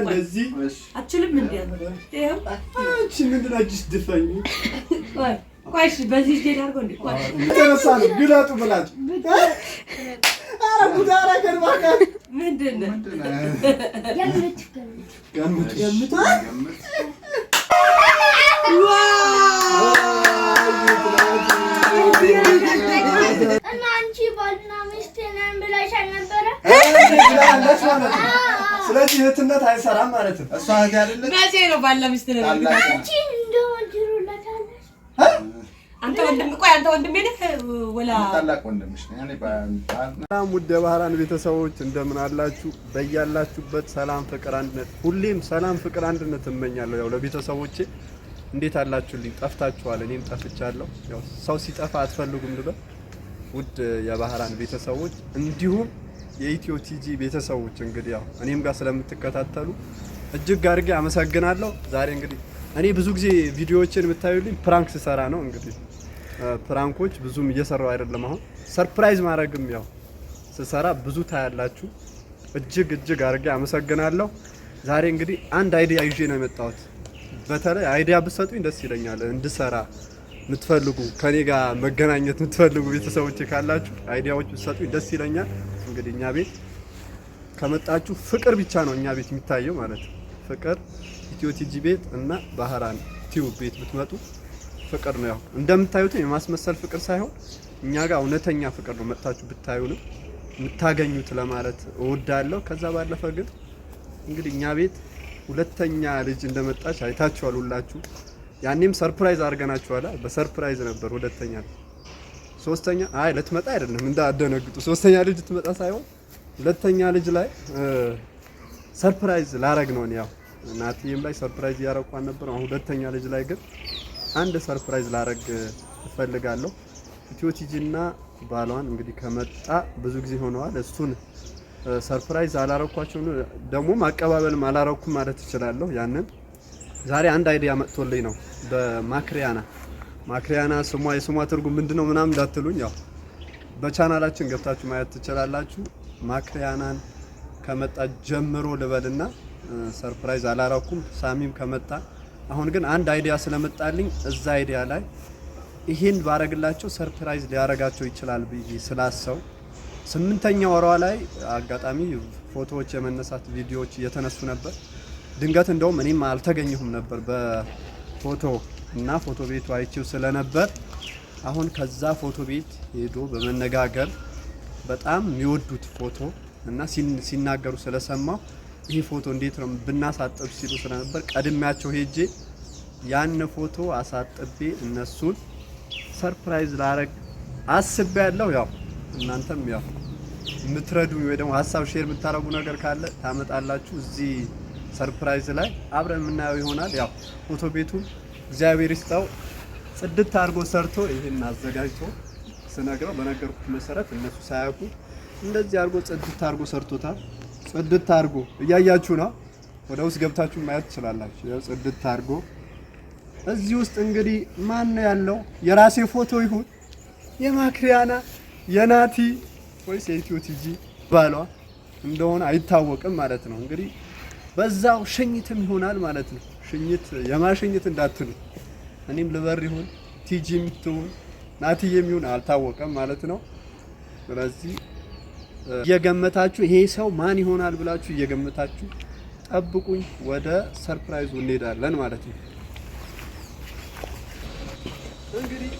እንደዚህ አችልም እንዴ? ምንድን አጅሽ ድፈኝ። ቆይ በዚህ እጄ ዳርጎ እንዴ? ቆይ ተነሳ ነው ግለጡ ብላጭ። እና አንቺ ባልና ሚስት ነን ብለሽ አልነበረ? ስለዚህ እህትነት አይሰራም ማለት ነው። እሷ እህት አይደለች። መቼ ነው ባለ ሚስት ነው? አንተ ወንድም ቆይ፣ አንተ ወንድም ነህ ወላ ታላቅ ወንድምሽ ነው? ያኔ ሰላም፣ ውድ ባህራን ቤተሰቦች እንደምን አላችሁ? በያላችሁበት ሰላም፣ ፍቅር፣ አንድነት ሁሌም ሰላም፣ ፍቅር፣ አንድነት እመኛለሁ። ያው ለቤተሰቦቼ እንዴት አላችሁልኝ? ጠፍታችኋል፣ እኔም ጠፍቻለሁ። ያው ሰው ሲጠፋ አትፈልጉም ልበል። ውድ የባህራን ቤተሰቦች እንዲሁም የኢትዮ ቲጂ ቤተሰቦች እንግዲህ ያው እኔም ጋር ስለምትከታተሉ እጅግ አድርጌ አመሰግናለሁ። ዛሬ እንግዲህ እኔ ብዙ ጊዜ ቪዲዮዎችን የምታዩልኝ ፕራንክ ስሰራ ነው። እንግዲህ ፕራንኮች ብዙም እየሰራው አይደለም። አሁን ሰርፕራይዝ ማድረግም ያው ስሰራ ብዙ ታያላችሁ። እጅግ እጅግ አድርጌ አመሰግናለሁ። ዛሬ እንግዲህ አንድ አይዲያ ይዤ ነው የመጣሁት። በተለይ አይዲያ ብትሰጡኝ ደስ ይለኛል እንድሰራ የምትፈልጉ ከኔ ጋር መገናኘት የምትፈልጉ ቤተሰቦች ካላችሁ አይዲያዎች ብትሰጡኝ ደስ ይለኛል። እንግዲህ እኛ ቤት ከመጣችሁ ፍቅር ብቻ ነው እኛ ቤት የሚታየው ማለት ነው። ፍቅር ኢትዮ ቲጂ ቤት እና ባህራን ቲዩብ ቤት ብትመጡ ፍቅር ነው። ያው እንደምታዩት የማስመሰል ፍቅር ሳይሆን እኛ ጋር እውነተኛ ፍቅር ነው። መጥታችሁ ብታዩ የምታገኙት ለማለት እወዳለሁ። ከዛ ባለፈ ግን እንግዲህ እኛ ቤት ሁለተኛ ልጅ እንደመጣች አይታችኋል ሁላችሁ። ያኔም ሰርፕራይዝ አድርገናችኋል። በሰርፕራይዝ ነበር ሁለተኛ ሶስተኛ አይ ልትመጣ አይደለም እንዳደነግጡ። ሶስተኛ ልጅ ልትመጣ ሳይሆን ሁለተኛ ልጅ ላይ ሰርፕራይዝ ላረግ ነው። ያው እናትዬም ላይ ሰርፕራይዝ እያረኳን ነበር። አሁን ሁለተኛ ልጅ ላይ ግን አንድ ሰርፕራይዝ ላረግ እፈልጋለሁ። ኢትዮ ቲጂና ባሏን እንግዲህ ከመጣ ብዙ ጊዜ ሆነዋል። እሱን ሰርፕራይዝ አላረኳቸው ደግሞም አቀባበልም አላረኩም ማለት እችላለሁ። ያንን ዛሬ አንድ አይዲያ መጥቶልኝ ነው በማክሪያና ማክሪያና ስሟ የስሟ ትርጉም ምንድነው ምናምን እንዳትሉኝ፣ ያው በቻናላችን ገብታችሁ ማየት ትችላላችሁ። ማክሪያናን ከመጣ ጀምሮ ልበልና ሰርፕራይዝ አላረኩም። ሳሚም ከመጣ አሁን ግን አንድ አይዲያ ስለመጣልኝ እዛ አይዲያ ላይ ይሄን ባረግላቸው ሰርፕራይዝ ሊያረጋቸው ይችላል ብዬ ስላሰው ስምንተኛ ወሯ ላይ አጋጣሚ ፎቶዎች የመነሳት ቪዲዮዎች እየተነሱ ነበር። ድንገት እንደውም እኔም አልተገኘሁም ነበር በፎቶ እና ፎቶ ቤቱ አይቼው ስለነበር አሁን ከዛ ፎቶ ቤት ሄዶ በመነጋገር በጣም የሚወዱት ፎቶ እና ሲናገሩ ስለሰማው ይህ ፎቶ እንዴት ነው ብናሳጥብ ሲሉ ስለነበር ቀድሚያቸው ሄጄ ያን ፎቶ አሳጥቤ እነሱን ሰርፕራይዝ ላረግ አስቤ ያለው ያው እናንተም ያው የምትረዱ ወይ ደግሞ ሀሳብ ሼር የምታረጉ ነገር ካለ ታመጣላችሁ። እዚህ ሰርፕራይዝ ላይ አብረን የምናየው ይሆናል። ያው ፎቶ ቤቱ እግዚአብሔር ይስጠው። ጽድት አድርጎ ሰርቶ ይህን አዘጋጅቶ ስነግረው በነገርኩት መሰረት እነሱ ሳያውቁ እንደዚህ አድርጎ ጽድት አድርጎ ሰርቶታል። ጽድት አድርጎ እያያችሁ ነው። ወደ ውስጥ ገብታችሁ ማየት ትችላላችሁ። ያው ጽድት አድርጎ እዚህ ውስጥ እንግዲህ ማን ነው ያለው? የራሴ ፎቶ ይሁን የማክሪያና የናቲ ወይስ የኢትዮ ቲጂ ባሏ እንደሆነ አይታወቅም ማለት ነው። እንግዲህ በዛው ሸኝትም ይሆናል ማለት ነው። ሽኝት የማሽኝት እንዳትሉ። እኔም ልበር ይሁን ቲጂም ትሁን ናትዬም ይሁን አልታወቀም ማለት ነው። ስለዚህ እየገመታችሁ ይሄ ሰው ማን ይሆናል ብላችሁ እየገመታችሁ ጠብቁኝ። ወደ ሰርፕራይዙ እንሄዳለን ማለት ነው። እንግዲህ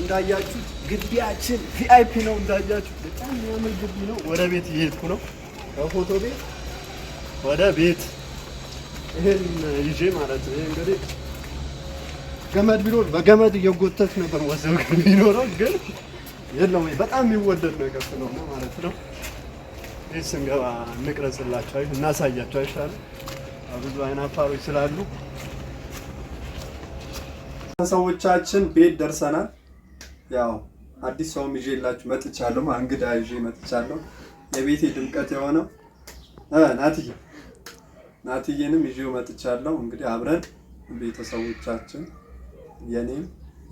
እንዳያችሁት ግቢያችን ቪአይፒ ነው። እንዳያችሁት በጣም የሚያምር ግቢ ነው። ወደ ቤት እየሄድኩ ነው። ከፎቶ ቤት ወደ ቤት ይሄን ይዤ ማለት ነው። እንግዲህ ገመድ ቢኖር በገመድ እየጎተት ነበር ወሰብ ቢኖረው ግን የለም። በጣም የሚወደድ ነገር ስለሆነ ማለት ነው። ይህ ስንገባ እንቅረጽላቸው አይ እናሳያቸው አይሻል ብዙ አይን አፋሮች ስላሉ ሰዎቻችን ቤት ደርሰናል። ያው አዲስ ሰውም ይዤላችሁ መጥቻለሁ። እንግዳ ይዤ መጥቻለሁ። የቤቴ ድምቀት የሆነው ናትዬ ናትዬንም ይዤው መጥቻለሁ። እንግዲህ አብረን ቤተሰቦቻችን የኔም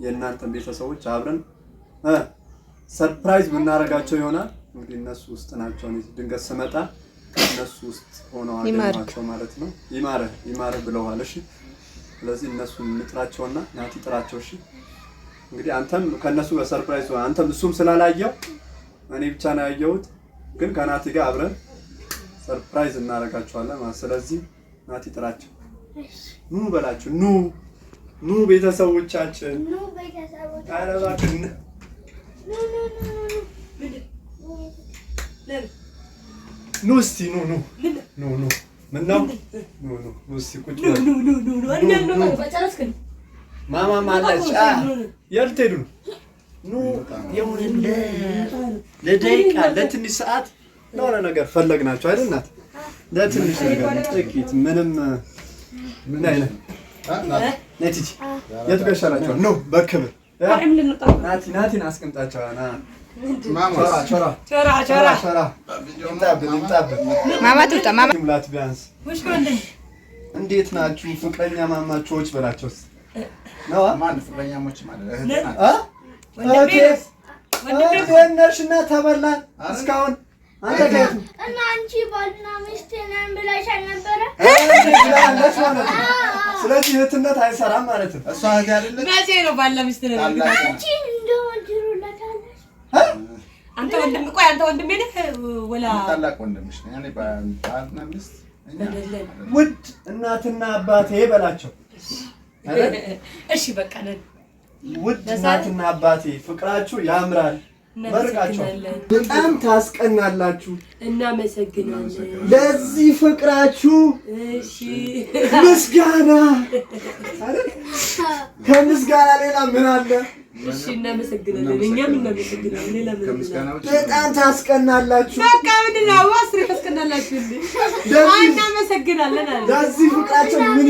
የእናንተን ቤተሰቦች አብረን ሰርፕራይዝ የምናደርጋቸው ይሆናል። እንግዲህ እነሱ ውስጥ ናቸው። ድንገት ስመጣ እነሱ ውስጥ ሆነው አገኘኋቸው ማለት ነው። ይማረህ ይማረህ ብለዋል። እሺ ስለዚህ እነሱ እንጥራቸውና ናቲ ጥራቸው። እሺ እንግዲህ አንተም ከእነሱ በሰርፕራይዝ አንተም እሱም ስላላየው እኔ ብቻ ነው ያየሁት፣ ግን ከናቲ ጋር አብረን ሰርፕራይዝ እናደርጋቸዋለን ማለት ስለዚህ ናቲ ጥራቸው ኑ በላችሁ ኑ ኑ ቤተሰቦቻችን ኑ እስቲ ኑ ኑ ኑ ኑ ምነው ኑ ኑ ኑ እስቲ ቁጭ ማማ ማለች የልትሄዱ ኑ የሆነ ለደቂቃ ለትንሽ ሰዓት ለሆነ ነገር ፈለግናቸው አይደል እናት? ለትንሽ ነገር ጥቂት ምንም ምን አይነት ነቲጂ የቱ ጋር ይሻላቸዋል? በክብር ናቲን አስቀምጣቸዋ ማማት ቢያንስ እንዴት ናችሁ ፍቅረኛ ማማቾች በላቸውስ ነሽ እና ተበላን እስካሁን እና ስለዚህ እህትነት አይሰራም ማለት ነው። እሷ እህት አይደለች። መቼ ነው ባልና ሚስት ነን? አንቺ አንተ ወንድም ቆይ፣ አንተ ወንድም ነህ ወላ ታላቅ ወንድምሽ ነኝ እኔ ባልና ሚስት። ውድ እናትና አባቴ በላቸው። እሺ በቃ ነን። ውድ እናትና አባቴ ፍቅራችሁ ያምራል። በጣም ታስቀናላችሁ። እናመሰግናለን ለዚህ ፍቅራችሁ ምስጋና። ከምስጋና ሌላ ምን አለ? በጣም ታስቀናላችሁ። በቃ ምንድን ነው አስሬ ታስቀናላችሁ። ለዚህ ፍቅራችሁ ምን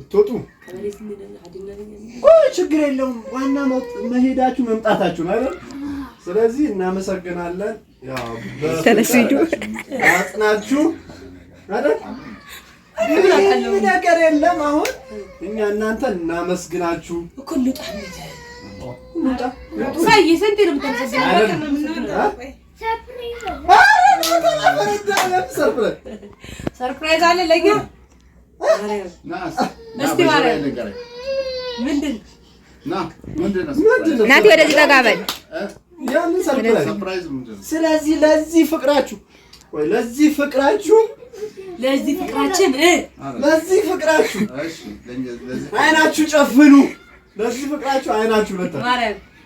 ልትወጡ ቆይ ችግር የለውም። ዋና መሄዳችሁ መምጣታችሁ ነው። ስለዚህ እናመሰግናለን። ተነስዱ አጽናችሁ አይደል? ነገር የለም። አሁን እኛ እናንተ እናመስግናችሁ እኮ ሰርፕራይዝ አለ ለኛ ናቲ ወደዚህ ጠጋ በል። ስለዚህ ለዚህ ፍቅራችሁ ለዚህ ፍቅራችሁ ለዚህ ፍቅራችን ለዚህ ፍቅራችሁ አይናችሁ ጨፍኑ። ለዚህ ፍቅራችሁ አይናችሁ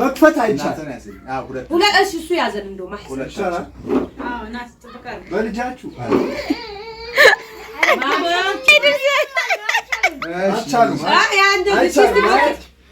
መክፈት አይቻልም። ሁለት እሺ፣ እሱ ያዘን እንደው በልጃችሁ አይቻልም።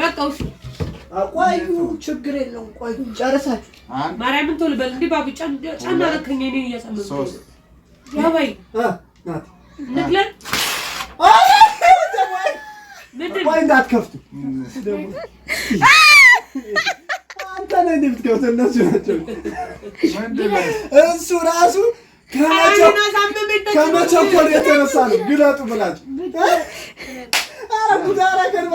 በቃ ውሽ አቋዩ ችግር የለውም። ቆይ ጨርሳችሁ ማርያምን ቶሎ በል እንዴ ባቡ ጫን ጫን እኔን እያሳመምኩ እሱ ራሱ ከመቸኮል የተነሳ ነው። ግለጡ ብላችሁ ኧረ ጉድ ኧረ ገርባ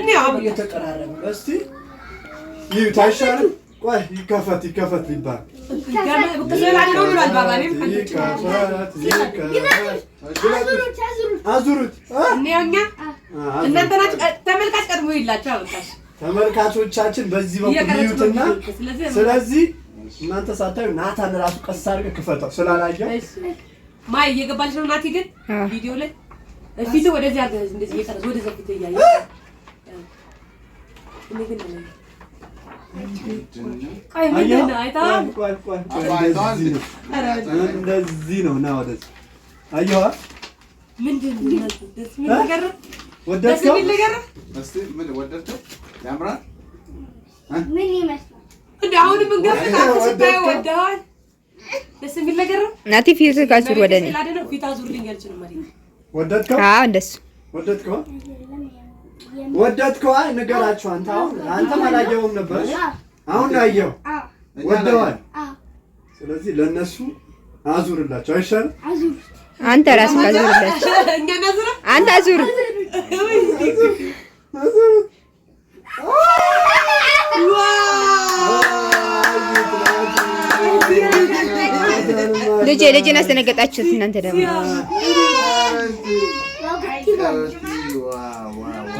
እኔ አሁን እየተቀራረበ እስቲ ቆይ ይከፈት ይከፈት ይባል አዙሩት። ተመልካች ቀድሞ ይላችሁ ተመልካቾቻችን በዚህ በኩል ይዩትና፣ ስለዚህ እናንተ ሳታዩ ናታን ራሱ ቀስ አድርገህ ክፈተው ማይ እየገባልሽ ነው። ናቲ ግን ቪዲዮ ላይ ፊት ወደዚህ አድርገህ እንደዚህ እየቀረጽ ወደዛ ፊት እያየ እንደዚህ ነው። ና ወደ አየዋ ወደድከው? ያምራል። ናቲ ፊት አዙር ወደ እኔ ወደድከው? አዎ እንደሱ ወደድከው ወደድከዋ? ንገራችሁ። አንተ አሁን አንተም አላየኸውም ነበር፣ አሁን አየኸው፣ ወደዋል። ስለዚህ ለእነሱ አዙርላቸው አይሻልም? አንተ ራስ አዙርላቸው። አንተ አዙር ልጄ ልጄን አስደነገጣችሁት እናንተ ደግሞ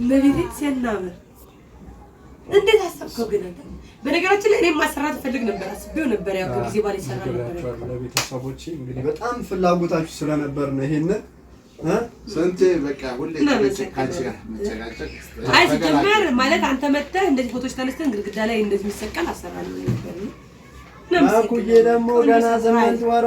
እመቤቴን ሲያናምር እንዴት አሰብከው ግን አንተ? በነገራችን ላይ እኔም ማሰራት ፈልግ ነበር፣ አስቤው ነበር። ያው ጊዜ ባለ ይሰራ ነበር። ለቤተሰቦቼ እንግዲህ በጣም ፍላጎታችሁ ስለነበር ነው ይሄንን ስንቴ በቃ ሁሌ አይ ሲጀመር ማለት አንተ መተህ እንደዚህ ፎቶች ተነስተን ግድግዳ ላይ እንደዚህ የሚሰቀል አሰራለሁ ነበር። እኩዬ ደግሞ ገና ዘመን ወሯ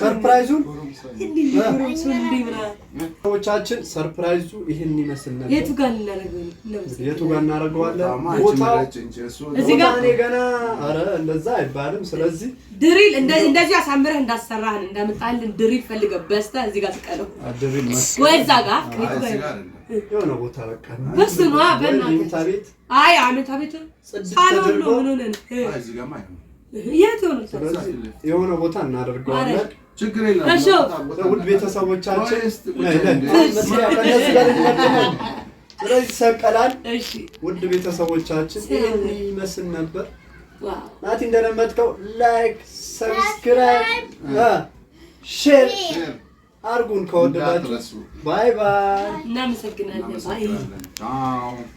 ሰርፕራይዙን ሰዎቻችን ሰርፕራይዙ ይህን ይመስል ነበር። የቱ ጋር እናደርገዋለን? ገና ኧረ እንደዛ አይባልም። ስለዚህ ድሪል እንደዚህ አሳምረህ እንዳሰራህን እንዳመጣልን ድሪል ፈልገህ በስተህ እዚህ ጋር ትቀለው ወይ እዛ ጋር የሆነ ቦታ በቃ በእሱ ነዋ። በእናትህ አይ አመታ ቤት ሳሎን ነው ምን ሆነን የሆነ ቦታ እናደርገዋለን። ውድ ቤተሰቦቻችን ስለዚህ ሰቀላል። ውድ ቤተሰቦቻችን ይህን ይመስል ነበር። ናቲ እንደለመድከው ላይክ፣ ሰብስክራይብ፣ ሼር አርጉን ከወደዳችሁ። ባይ ባይ። እናመሰግናለን።